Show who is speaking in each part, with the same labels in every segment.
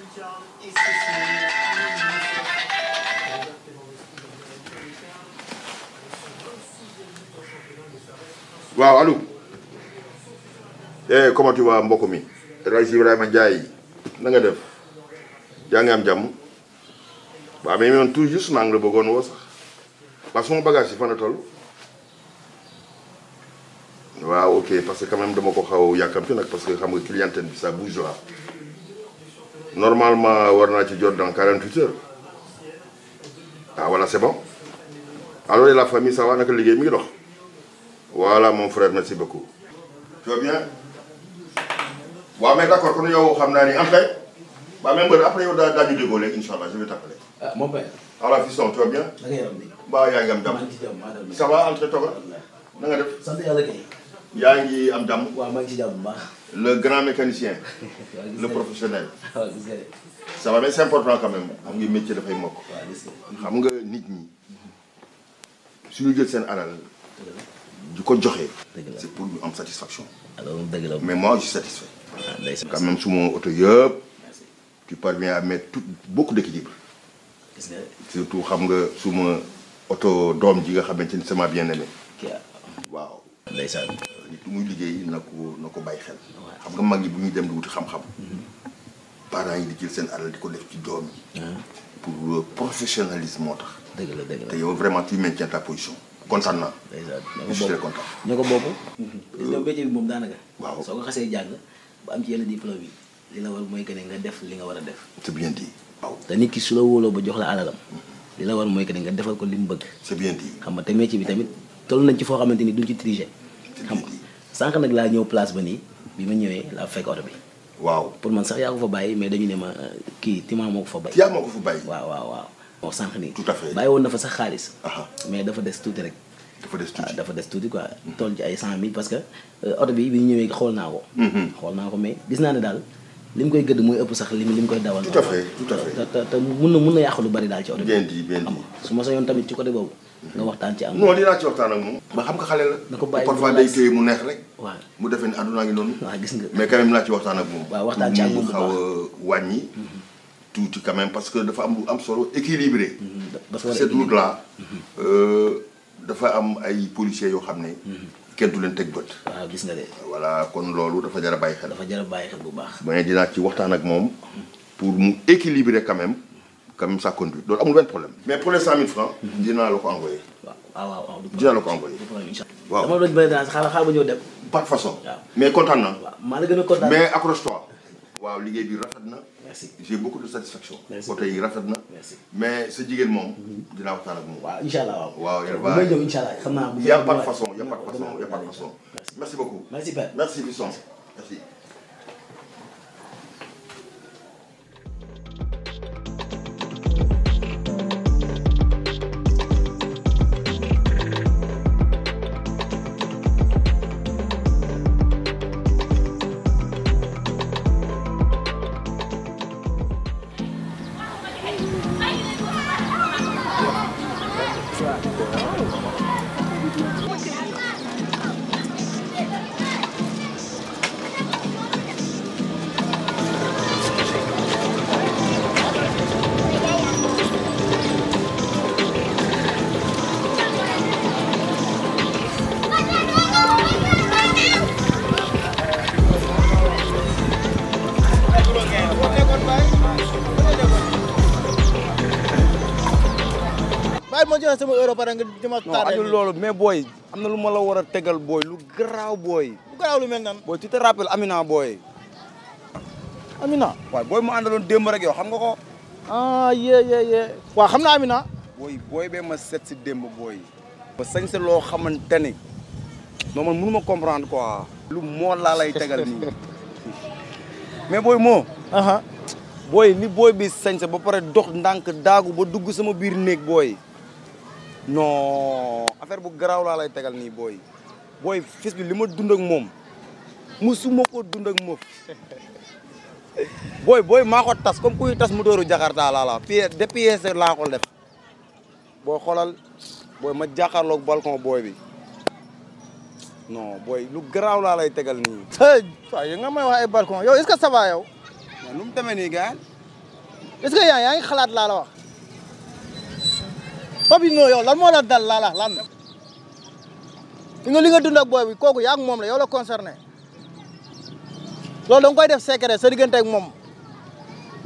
Speaker 1: yapacağım istisnai waaw allo eh comment tu vas mbokk mi El Hadj Ibrahima Ndiaye na nga def yaa ngi am jàmm waaw mais man tout juste maa ngi la bëggoon woo sax parce que sama bagage yi fan la toll waaw ok parce que quand même dama ko xaw yàkkamti nag parce que xam nga clientèle bi ça bouge là normalement war naa ci jot dans 48 heures ah voilà c'est bon alors et la famille ça va naka liggéey mi ngi dox voilà mon frère merci beaucoup. tu vas bien waaw mais d'accord kon yow xam naa ni am kay waaw même ba après yow daa daa ñu déggoo léegi incha allah je vais t'appeler. ah mon ah, bien. na nga yaram de. mbaa entre toogal na def. yaa ngi am jàmm. waa maa ngi ci jàmm bu baax. le grand mécanicien. le professionnel. sa va mais c'est important quand même xam nga métier dafay mokk. xam nga nit ñi suñu jël seen alal. di ko joxe. c'est pour ñu am satisfaction. alors mais moi je suis satisfait. Ah, quand même suma oto yëpp. tu parviens à mettre tout beaucoup d'équilibre. surtout xam nga suma oto doom ji xamante ni sama bien aimé. waaw. nit lu muy liggéey na ko na ko bàyyi xel. xam nga mag ñi bu ñuy dem di wuti xam-xam. Mm-hmm. parents yi di jël seen alal di ko def ci doom yi. pour euh, professionnalisme moo tax.
Speaker 2: dëgg la la te yow vraiment tu maintiens
Speaker 1: ta position. kontaan naa. je suis très content.
Speaker 2: ñoo ko bokk. ñoom mm-hmm. euh, métier bi moom daanaka. waaw soo ko xasee jàng ba am ci yenn diplôme yi li la war mooy que ne nga def li nga war a def. c'est bien dit. waaw te nit ki su la wóoloo ba jox la alalam. Mm-hmm. li la war mooy que ne nga defal ko li mu bëgg. c'est bien dit. xam nga te métier bi tamit toll nañ ci foo xamante ni duñ ci tricher. xam sànq nag laa ñëw place ba nii bi ma ñëwee laa fekk oto bi. waaw pour man sax yaa ko fa bàyyi mais dañu ne ma euh, kii Tima moo ko fa bàyyi. yaa moo ko fa bàyyi. waaw waaw waaw. moo sànq nii. tout à fait bàyyi woon na fa sax xaalis. mais dafa des tuuti rek. dafa des tuuti ah, dafa des quoi. Hmm. toll ci ay san mille parce que euh, oto bi bi ñu ñëwee xool naa ko. Hmm, hmm. xool naa ko mais gis naa ne daal li mu koy gëdd mooy ëpp sax li mu koy dawal. tout à mun na mun na yàq lu bari daal ci oto bi. su ma sa yoon tamit ci côté boobu. nga waxtaan ci am. non
Speaker 1: dinaa ci waxtaan moom. ba xam nga xale la. ko bàyyi parfois day mu neex rek. waaw mu defee ne àdduna ngi noonu. waaw gis nga mais quand même naa ci waxtaan ak moom. waaw xaw a wàññi. Mm-hmm. tuuti quand même parce que dafa am lu am solo équilibré. Mm-hmm. dafa war a cette route là. Mm-hmm. Euh, dafa am ay policiers yoo xam ne. kenn du leen teg bët. waaw gis nga de. voilà kon loolu dafa jar a bàyyi xel. dafa jar a bàyyi xel bu baax. mais dinaa ci waxtaan ak moom pour mu équilibré quand même. quand même ça conduit loolu amul benn problème. mais pour les cent mille francs. dinaa la ko envoyé. waaw waaw waaw dinaa la ko envoyé. waaw dama doon bëri xaaral xaaral ma ñëw
Speaker 2: dem. par façon. mais kontaan na. waaw maa
Speaker 1: la gën a kontaan mais accroche toi. waaw liggéey bi rafet na. merci j'ai beaucoup de satisfaction. merci côté yi rafet na. merci mais sa jigéen moom. Mhm. dinaa waxtaan ak moom. waaw incha allah waaw. waaw yàlla baax bu may ñëw incha allah xam naa. y' a pas de façon y' a pas de façon y' a pas de façon. merci beaucoup. merci Père merci Bisson merci.
Speaker 2: joxe sama euro pare nga di ma tardé loolu
Speaker 3: mais booy am na lu ma la war a tegal booy lu garaaw booy lu garaaw lu mel nan booy tu te rappelles Amina booy Amina waaw booy mu àndaloon démb rek yoo xam nga ko
Speaker 2: ah yee yee yee xam naa Amina
Speaker 3: booy booy bee ma set si démb booy ma sañ sa loo xamante ni non man mënu ma comprendre quoi lu moo laa lay tegal nii mais booy moo booy ni booy bi sañ sa ba pare dox ndànk daagu ba dugg sama biir néeg booy non affaire bu garaaw laa lay tegal nii booy booy fils bi li ma dund ak moom musuma ko dund moom booy booy maa ko tas comme kuy tas mu dooru jakarta laa la pièce de pièce laa ko def booy xoolal booy ma jàkkaarloog balcon booy bi non booy lu garaaw laa lay tegal nii.
Speaker 2: waaw yow nga may wax ay balcon yow est-ce que ça va nu mu demee nii gars. est-ce que yaa yaa ngi xalaat laa la wax. Papino yow lan moo la dal laa la lan nga li nga dund ak booy bi kooku yaa moom la yow la concerné loolu da nga koy def secret sa diggante moom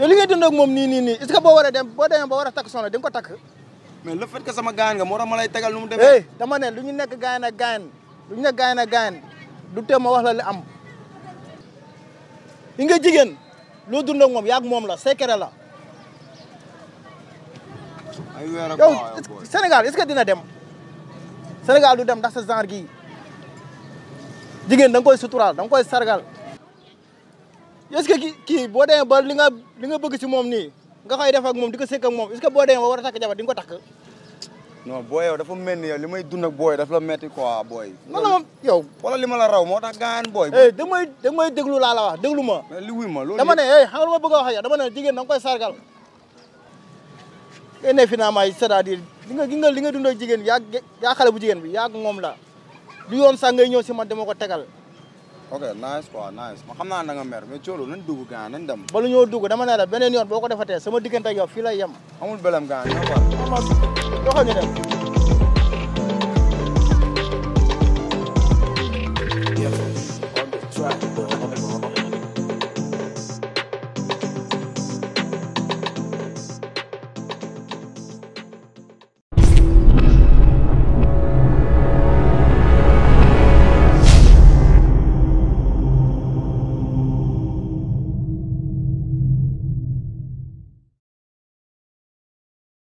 Speaker 2: yow li ngay dund ak moom nii nii nii est-ce que boo waree dem boo demee ba war a takk soxna di nga ko takk. mais le fait que sama gaañ nga moo tax ma lay tegal nu mu demee. Eh, ne lu ñu nekk gaañ ak gaañ lu ñu nekk gaañ ak du tee ma wax la li am. li nga jigéen loo dund moom yaa moom la secret la. yow Sénégal est-ce dina dem Sénégal du dem ndax sa genre gii jigéen da nga koy suturaal da nga koy sargal est-ce que kii kii boo demee ba li nga li nga bëgg ci moom nii nga koy def ak moom di ko sekk ak moom est-ce que boo demee ba war a takk jabar di nga ko takk.
Speaker 3: non booy yow dafa mel ni yow li may dund booy daf la metti quoi booy. man la moom yow. wala li ma
Speaker 2: la raw moo tax gaan booy. Eh, da may da may déglu laa la wax déglu ma.
Speaker 3: li wuy ma loolu dama ne eh
Speaker 2: lu ma bëgg a wax yow dama ne jigéen da nga koy day ne finalement c'est-à-dire li nga gi nga li nga dund ak jigéen yaa yaa xale yaa moom la du yoon sax ngay ñëw si man dama ko tegal
Speaker 3: ok nice quoi nice ma xam naa da nga mer mais coolu nañ dugg gaan nañ dem balu ñoo
Speaker 2: dugg dama ne la beneen yoon boo ko defatee sama diggante ak yow fii lay yem
Speaker 3: amul belem gaan ñoo quoi
Speaker 2: doxal ñu dem